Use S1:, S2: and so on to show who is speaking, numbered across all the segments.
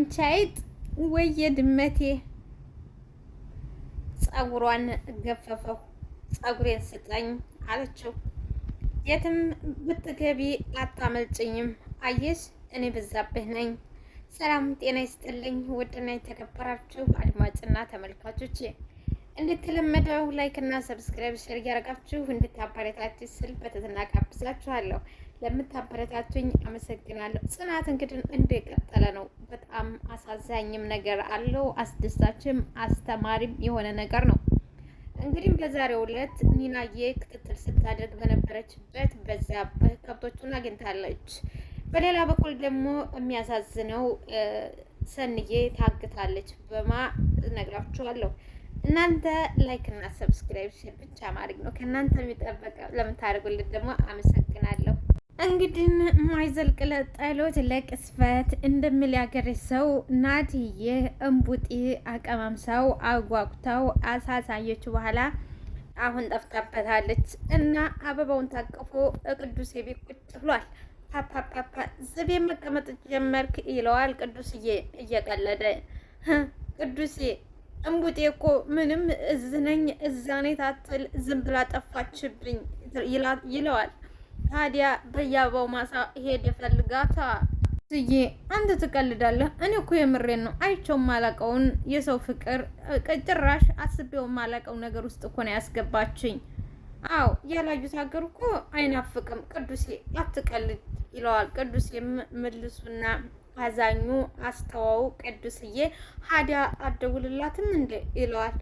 S1: አንቺ አይጥ ወየ ድመቴ ፀጉሯን ገፈፈው። ፀጉሬን ስጠኝ አለችው። የትም ብትገቢ አታመልጭኝም። አየሽ እኔ በዛብህ ነኝ። ሰላም ጤና ይስጥልኝ። ውድና የተከበራችሁ አድማጭና ተመልካቾች እንደተለመደው ላይክ እና ሰብስክራይብ ሸር እያደረጋችሁ እንድታበረታችሁ ስል በትህትና ጋብዛችኋለሁ። ለምታበረታቱኝ አመሰግናለሁ። ጽናት እንግዲህ እንደቀጠለ ነው። በጣም አሳዛኝም ነገር አለው፣ አስደሳችም አስተማሪም የሆነ ነገር ነው። እንግዲህ በዛሬው ዕለት ኒናዬ ክትትል ስታደርግ በነበረችበት በዛ ከብቶቹን አግኝታለች። በሌላ በኩል ደግሞ የሚያሳዝነው ሰንዬ ታግታለች። በማ ነግራችኋለሁ። እናንተ ላይክ እና ሰብስክራይብ ብቻ ማድረግ ነው ከእናንተ የሚጠበቀው። ለምታደርጉልን ደግሞ አመሰግናለሁ። እንግዲህ ማይዘልቅ ለጸሎት ለቅስፈት እንደሚል ያገሬ ሰው ናትዬ እምቡጢ አቀማምሰው አጓጉተው አሳሳየችው በኋላ አሁን ጠፍታበታለች እና አበባውን ታቅፎ ቅዱሴ ቤት ቁጭ ብሏል። ፓፓፓፓ ዝቤ መቀመጥ ጀመርክ ይለዋል። ቅዱስዬ እየቀለደ ቅዱሴ እምቡጤ እኮ ምንም እዝነኝ እዛኔ ታትል ዝም ብላ ጠፋችብኝ ይለዋል። ታዲያ በየአበባው ማሳ ሄድ የፈልጋታ ስዬ አንተ ትቀልዳለህ። እኔ እኮ የምሬን ነው። አይቼው ማላቀውን የሰው ፍቅር ጭራሽ አስቤው ማላቀው ነገር ውስጥ እኮ ነው ያስገባችኝ። አዎ ያላዩት ሀገር እኮ አይናፍቅም። ቅዱሴ አትቀልድ ይለዋል። ቅዱስ ምልሱና አዛኙ አስተዋው ቅዱስዬ ሀዲያ አደውልላትም እንደ ይለዋል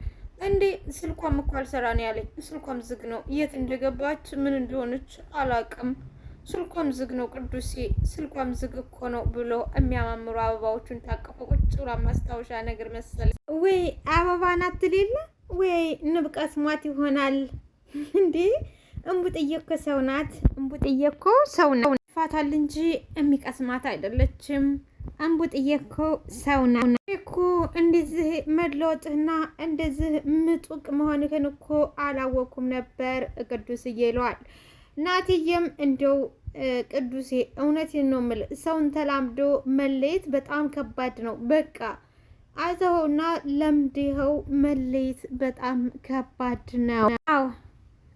S1: እንዴ ስልኳም እኮ አልሰራ ነው ያለኝ። ስልኳም ዝግ ነው። የት እንደገባች ምን እንደሆነች አላቅም። ስልኳም ዝግ ነው ቅዱሴ፣ ስልኳም ዝግ እኮ ነው ብሎ የሚያማምሩ አበባዎቹን ታቅፎ ቁጭ ማስታወሻ ነገር መሰለ። ወይ አበባ ናት ሌለ ወይ ንብቀት ሟት ይሆናል እንዴ። እምቡጥዬ እኮ ሰው ናት። እምቡጥዬ እኮ ሰው ናት። ፋታል እንጂ የሚቀስማት አይደለችም። እምቡጥዬ እኮ ሰው ናት። እኮ እንደዚህ መለወጥህና እንደዚህ ምጡቅ መሆንህን እኮ አላወቅኩም ነበር ቅዱስ እየለዋል። ናትየም እንደው ቅዱሴ እውነቴን ነው የምልህ፣ ሰውን ተላምዶ መለየት በጣም ከባድ ነው። በቃ አይተኸውና ለምድኸው መለየት በጣም ከባድ ነው። አዎ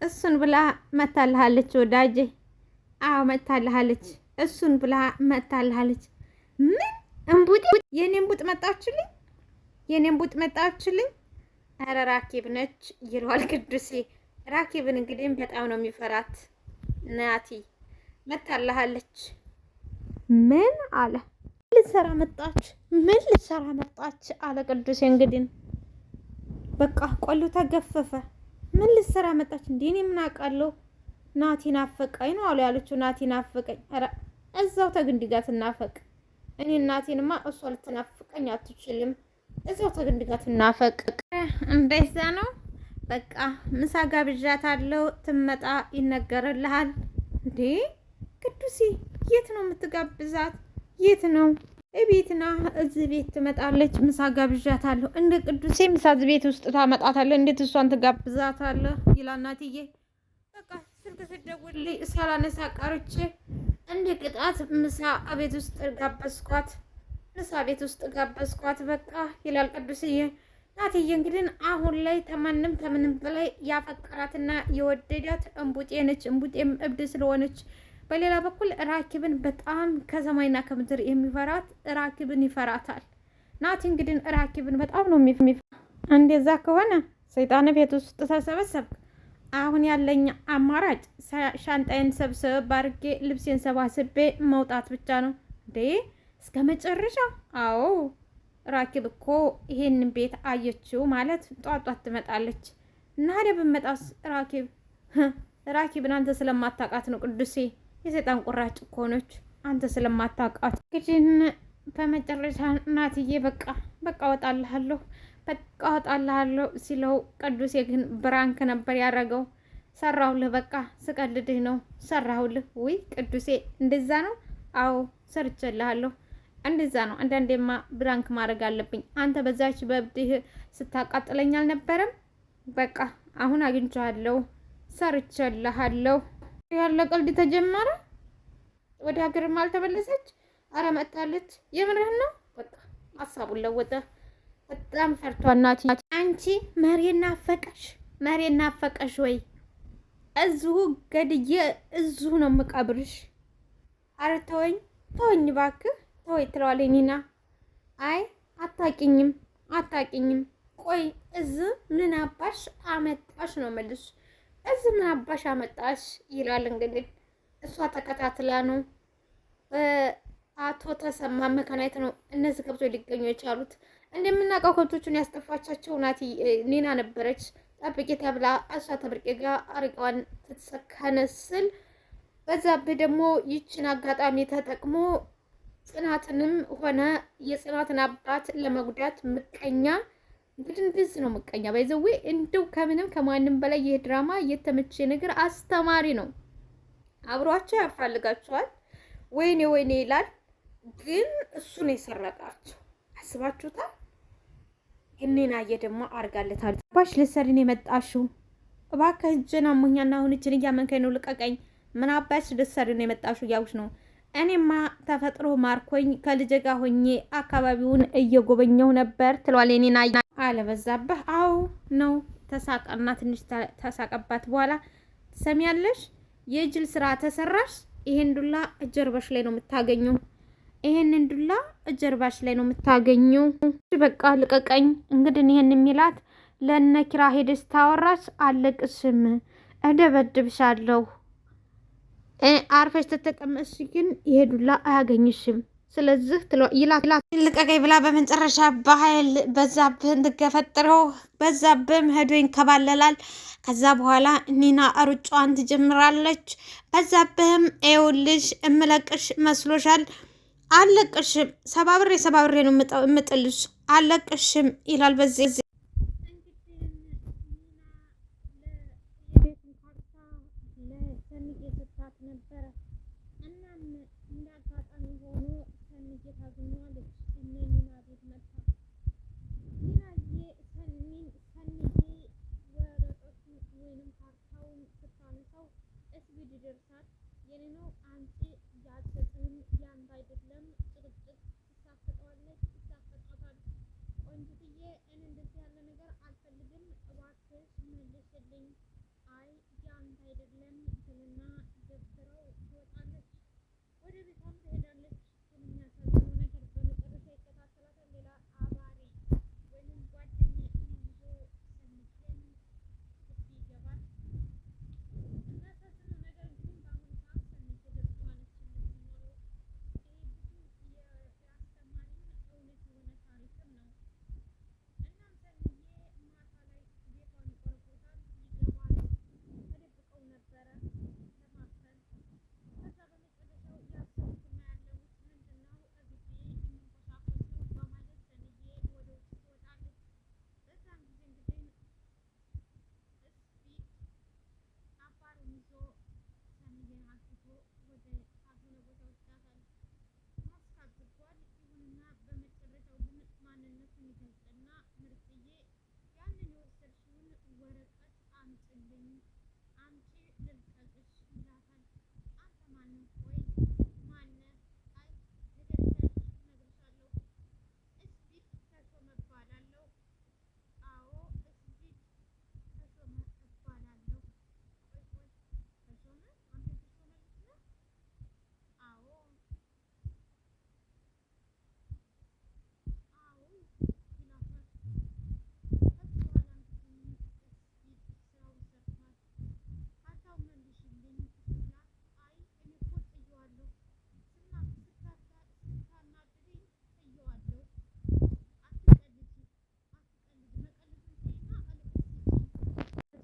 S1: እሱን ብላ መታልሃለች፣ ወዳጄ። አዎ መታልሃለች፣ እሱን ብላ መታልሃለች። ምን እምቡጥ የኔ እንቡጥ መጣችልኝ፣ የኔ እምቡጥ መጣችልኝ። ኧረ ራኬብ ነች ይለዋል ቅዱሴ። ራኬብን እንግዲህም በጣም ነው የሚፈራት። ናቲ መታልሃለች። ምን አለ ልትሰራ መጣች? ምን ልትሰራ መጣች አለ ቅዱሴ። እንግዲህ በቃ ቆሎ ተገፈፈ። ምን ልትሰራ መጣች? እንዴ እኔ ምን አውቃለሁ። ናቲ ናፈቀኝ ነው አሉ ያለችው። ናቲ ናፈቀኝ። ኧረ እዛው ተግንድ ትናፈቅ እኔ እናቴንማ እሷ ልትናፍቀኝ አትችልም። እዛው ተግንድጋ ትናፈቅ። እንደዛ ነው በቃ። ምሳ አለው ትመጣ ይነገርልሃል። እንዴ ቅዱሴ፣ የት ነው የምትጋብዛት? የት ነው? እቤትና እዚህ ቤት ትመጣለች። ምሳ ጋብዣታለሁ። እንደ ቅዱሴ ምሳ እዚህ ቤት ውስጥ ታመጣታለህ? እንዴት እሷን ትጋብዛታለህ? ይላ እናትዬ። በቃ ስልክ ስደውልልኝ ሳላነሳ ቀርቼ እንደ ቅጣት ምሳ ቤት ውስጥ ጋበዝኳት፣ ምሳ ቤት ውስጥ ጋበዝኳት በቃ ይላል ቅዱስዬ። ናትዬ እንግዲህ አሁን ላይ ተማንም ተምንም በላይ ያፈቀራትና የወደዳት እምቡጤ ነች። እምቡጤም እብድ ስለሆነች በሌላ በኩል ራኪብን በጣም ከሰማይና ከምድር የሚፈራት ራኪብን ይፈራታል። ናቲ እንግዲህ ራኪብን በጣም ነው የሚፈራ። እንደዛ ከሆነ ሰይጣን ቤት ውስጥ ተሰበሰብ አሁን ያለኝ አማራጭ ሻንጣዬን ሰብሰብ ባርጌ ልብሴን ሰባስቤ መውጣት ብቻ ነው እንዴ? እስከ መጨረሻ አዎ ራኪብ እኮ ይሄን ቤት አየችው ማለት ጧጧት ትመጣለች። ናደ ብመጣስ? ራኪብ ራኪብን አንተ ስለማታውቃት ነው ቅዱሴ። የሰይጣን ቁራጭ እኮ ነች። አንተ ስለማታውቃት ግን በመጨረሻ ናትዬ፣ በቃ በቃ እወጣልሃለሁ በቃ እወጣልሃለሁ ሲለው ቅዱሴ ግን ብራንክ ነበር ያደረገው። ሰራሁልህ፣ በቃ ስቀልድህ ነው ሰራሁልህ። ውይ ቅዱሴ እንደዛ ነው? አዎ ሰርቼልሃለሁ። እንደዛ ነው። አንዳንዴማ ብራንክ ማድረግ አለብኝ። አንተ በዛች በብድህ ስታቃጥለኝ አልነበረም? በቃ አሁን አግኝቼሃለሁ፣ ሰርቼልሃለሁ። ያለ ቀልድ ተጀመረ። ወደ ሀገርም አልተመለሰች። አረ መጣለች። የምርህን ነው? በቃ ሀሳቡን ለወጠ። በጣም ፈርቷ እናት አንቺ መሬና ፈቀሽ መሬና ፈቀሽ ወይ እዚሁ ገድዬ እዚሁ ነው የምቀብርሽ። አረ ተወኝ ተወኝ እባክህ ተወኝ ትለዋለች ኒና። አይ አታቂኝም አታቂኝም። ቆይ እዚህ ምን አባሽ አመጣሽ ነው መልሽ። እዚህ ምን አባሽ አመጣሽ ይላል። እንግዲህ እሷ ተከታትላ ነው አቶ ተሰማ መካናይት ነው እነዚህ ገብቶ ሊገኙ የቻሉት። እንደምናውቀው ከብቶቹን ያስጠፋቻቸው ናቲ ኒና ነበረች። ጠብቄ ተብላ አሻ ተብርቄ ጋ አርቀዋን ትሰካነ ስል በዛብህ ደግሞ ይችን አጋጣሚ ተጠቅሞ ጽናትንም ሆነ የጽናትን አባት ለመጉዳት ምቀኛ እንግዲህ እንደዚህ ነው ምቀኛ። ባይዘዌ እንደው ከምንም ከማንም በላይ ይህ ድራማ የተመቼ ነገር አስተማሪ ነው። አብሯቸው ያፋልጋቸዋል። ወይኔ ወይኔ ይላል፣ ግን እሱ ነው የሰረቃቸው። አስባችሁታል? እኔናዬ ደግሞ አርጋለታል። ባሽ ልትሰሪን የመጣሽው እባክህ እጄን አሞኛና አሁን እችን እያመንከኝ ነው ልቀቀኝ። ምን አባሽ ልትሰሪን የመጣሽው እያሉሽ ነው። እኔማ ተፈጥሮ ማርኮኝ ከልጄ ጋር ሆኜ አካባቢውን እየጎበኘው ነበር ትሏል። ኔና አለበዛብህ? አዎ ነው ተሳቀና ትንሽ ተሳቀባት። በኋላ ትሰሚያለሽ፣ የእጅል ስራ ተሰራሽ፣ ይሄን ዱላ ጀርባሽ ላይ ነው የምታገኘው። ይሄንን ዱላ እጀርባሽ ላይ ነው የምታገኘው። በቃ ልቀቀኝ። እንግዲህ ይሄን የሚላት ለነ ኪራ ሄደሽ ታወራች። አለቅስም፣ እደበድብሻለሁ። አርፈሽ ተተቀመጥሽ ግን ይሄ ዱላ አያገኝሽም። ስለዚህ ይላት ልቀቀኝ ብላ በመጨረሻ በኃይል በዛብህን እንድገፈጥረው በዛብህም ሄዶ ይንከባለላል። ከዛ በኋላ ኒና ሩጫዋን ትጀምራለች። በዛብህም ይኸውልሽ እምለቅሽ መስሎሻል አለቅሽም፣ ሰባብሬ ሰባብሬ ነው የምጥልሽ፣ አለቅሽም ይላል በዚህ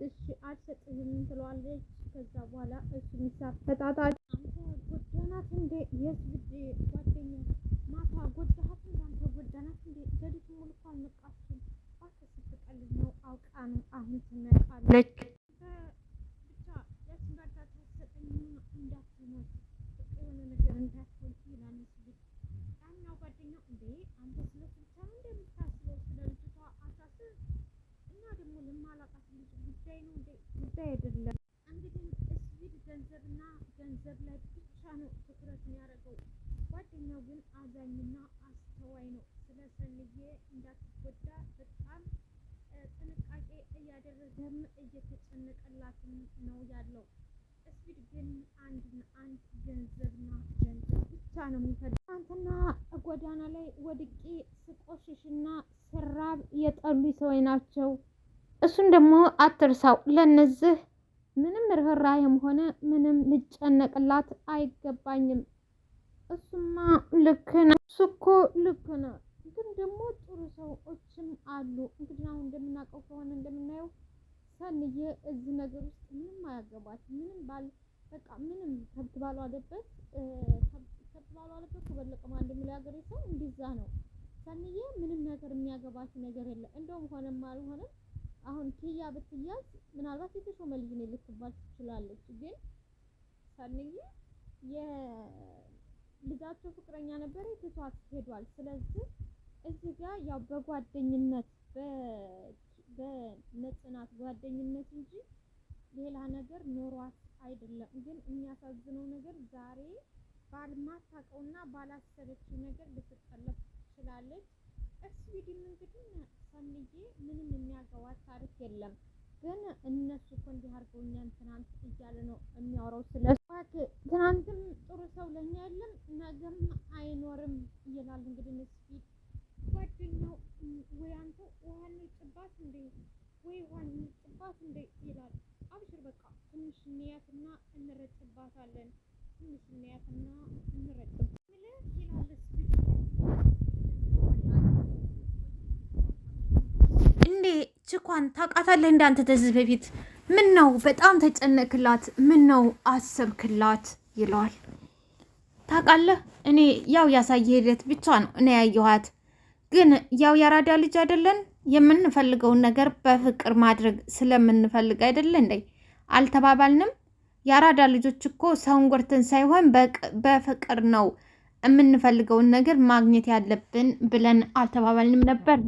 S1: እሺ አልሰጥህም ትለዋለች። ከዛ በኋላ እሱ ሚሳፈጣጣል። አንተ ጎዳናት እንዴ የት የስብድ ጓደኛ ማታ ጎዳሃት እንዴ አንተ ጎዳናት እንዴ ሌሊት ሙሉ እኮ አልነቃችም። ነው አውቃ ነው አሁን ትነቃለች። አለው። ስፒድ ግን አንድና አንድ ገንዘብና ገንዘብ ብቻ ነው የሚፈልገው። ትናንትና ጎዳና ላይ ወድቄ ስቆሽሽና ስራብ የጠሉ ሰዎች ናቸው። እሱን ደግሞ አትርሳው። ለነዚህ ምንም ርኅራኄም ሆነ ምንም ልጨነቅላት አይገባኝም። እሱማ ልክ ነው። እሱ እኮ ልክ ነው። ግን ደግሞ ጥሩ ሰዎችም አሉ። እንግዲህ አሁን እንደምናውቀው ከሆነ እንደምናየው ሰንዬ እዚህ ነገር ውስጥ ምንም አያገባትም። ምንም ባል በቃ ምንም ከብት ባሏለበት ከብት ባሏለበት ከበለቀ ማንድ የሚለው ሀገሬ ሰው እንዲዛ ነው። ሰንዬ ምንም ነገር የሚያገባት ነገር የለም። እንደውም ሆነም አልሆነም አሁን ኪያ ብትያዝ ምናልባት የተሾመ ልጅ ነው ልትባል ትችላለች። ግን ሰንዬ የልጃቸው ፍቅረኛ ነበረ ትቷት ሄዷል። ስለዚህ እዚህ ጋር ያው በጓደኝነት በመጽናት ጓደኝነት እንጂ ሌላ ነገር ኖሯት አይደለም። ግን የሚያሳዝነው ነገር ዛሬ ባልማታውቀውና ባላሰበችው ነገር ልትጠለፍ ትችላለች። እሱ እስዊድን እንግዲህ ሰምዬ ምንም የሚያገባት ታሪክ የለም። ግን እነሱ እኮ እንዲህ አድርገው እኛን ትናንት እያለ ነው የሚያወራው። ስለ ትናንትም ጥሩ ሰው ለኛ የለም ነገም አይኖርም ይላል እንግዲህ ምስኪን ጓደኛው ወይ አንተ ውሃን ጭባት እንዴ ወይ ውሃን ጭባት እንዴ ይላል። አብሽር በቃ ትንሽ እንያትና እንረጭባታለን፣ ትንሽ እንያትና እንረጭባት እንዴ ችኳን ታውቃታለህ? እንዳንተ ተዝህ በፊት ምን ነው በጣም ተጨነቅላት፣ ምን ነው አሰብክላት ይለዋል። ታውቃለህ እኔ ያው ያሳየ ሂደት ብቻ ነው እኔ ያየኋት ግን ያው የአራዳ ልጅ አይደለን የምንፈልገውን ነገር በፍቅር ማድረግ ስለምንፈልግ አይደለ እንዴ? አልተባባልንም? የአራዳ ልጆች እኮ ሰውን ጎርተን ሳይሆን በፍቅር ነው የምንፈልገውን ነገር ማግኘት ያለብን ብለን አልተባባልንም ነበር?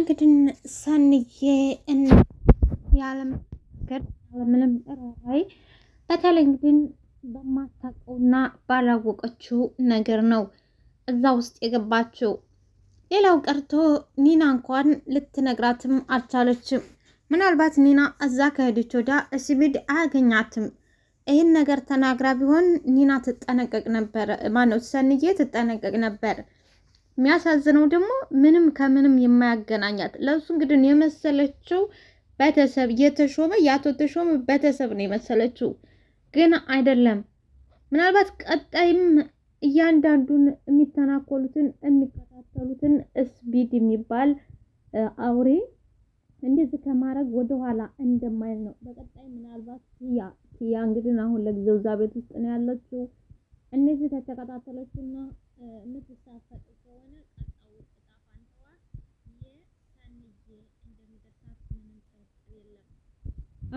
S1: እንግዲህ ሰንዬ ያለም ነገር ምንም ራራይ በተለይ እንግዲህ በማታውቀውና ባላወቀችው ነገር ነው እዛ ውስጥ የገባችው። ሌላው ቀርቶ ኒና እንኳን ልትነግራትም አልቻለችም። ምናልባት ኒና እዛ ከሄደች ወዳ እስቢድ አያገኛትም። ይህን ነገር ተናግራ ቢሆን ኒና ትጠነቀቅ ነበር። ማነው ሰንዬ ትጠነቀቅ ነበር። የሚያሳዝነው ደግሞ ምንም ከምንም የማያገናኛት ለሱ እንግዲህ የመሰለችው ቤተሰብ የተሾመ የአቶ ተሾመ ቤተሰብ ነው የመሰለችው፣ ግን አይደለም። ምናልባት ቀጣይም እያንዳንዱን የሚተናኮሉትን የሚከታተሉትን ስቢድ የሚባል አውሬ እንደዚህ ከማድረግ ወደኋላ እንደማይል ነው። በቀጣይ ምናልባት ያ ያ እንግዲህ አሁን ለጊዜው እዛ ቤት ውስጥ ነው ያለችው። እነዚህ ተተከታተለችና ምትሳፈጥ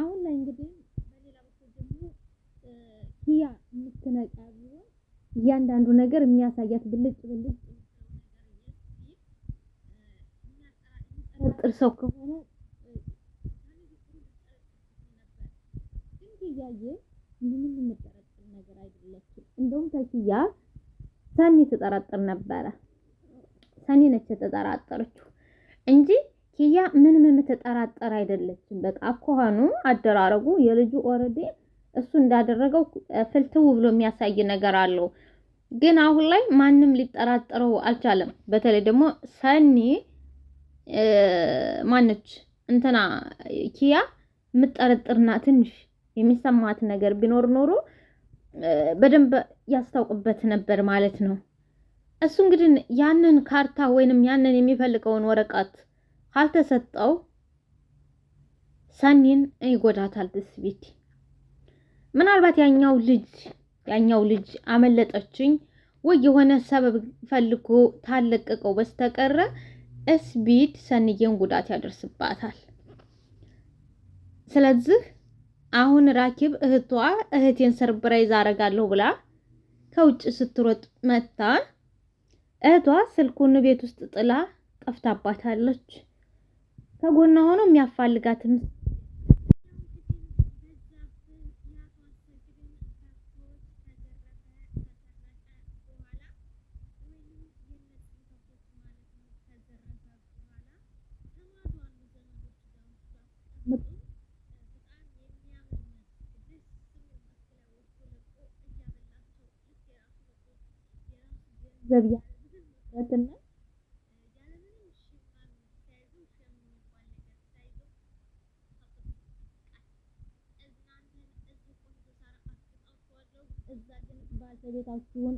S1: አሁን ላይ እንግዲህ በሌላ በኩል ደግሞ ኪያ የምትነቃ ቢሆን እያንዳንዱ ነገር የሚያሳያት ብልጭ ብልጭ ጥር ሰው ከሆነ እያየ ምንም የምጠረጥር ነገር አይደለችም። እንደውም ተኪያ ሰኒ ትጠረጥር ነበረ። ሰኒ ነች የተጠራጠረችው እንጂ ኪያ ምንም የምትጠራጠር አይደለችም። በቃ አኳኋኑ አደራረጉ የልጁ ኦልሬዲ እሱ እንዳደረገው ፍልትው ብሎ የሚያሳይ ነገር አለው። ግን አሁን ላይ ማንም ሊጠራጠረው አልቻለም። በተለይ ደግሞ ሰኒ ማነች እንትና ኪያ የምጠረጥርና ትንሽ የሚሰማት ነገር ቢኖር ኖሮ በደንብ ያስታውቅበት ነበር ማለት ነው። እሱ እንግዲህ ያንን ካርታ ወይንም ያንን የሚፈልገውን ወረቀት ካልተሰጠው ሰኒን ይጎዳታል። ትስቢት ምናልባት ያኛው ልጅ ያኛው ልጅ አመለጠችኝ ወይ የሆነ ሰበብ ፈልጎ ታለቀቀው በስተቀረ እስቢድ ሰንዬን ጉዳት ያደርስባታል። ስለዚህ አሁን ራኪብ እህቷ እህቴን ሰርፕራይዝ አረጋለሁ ብላ ከውጭ ስትሮጥ መታ እህቷ ስልኩን ቤት ውስጥ ጥላ ጠፍታባታለች። ከጎኗ ሆኖ የሚያፋልጋትን ዘብያ ቤታችሁን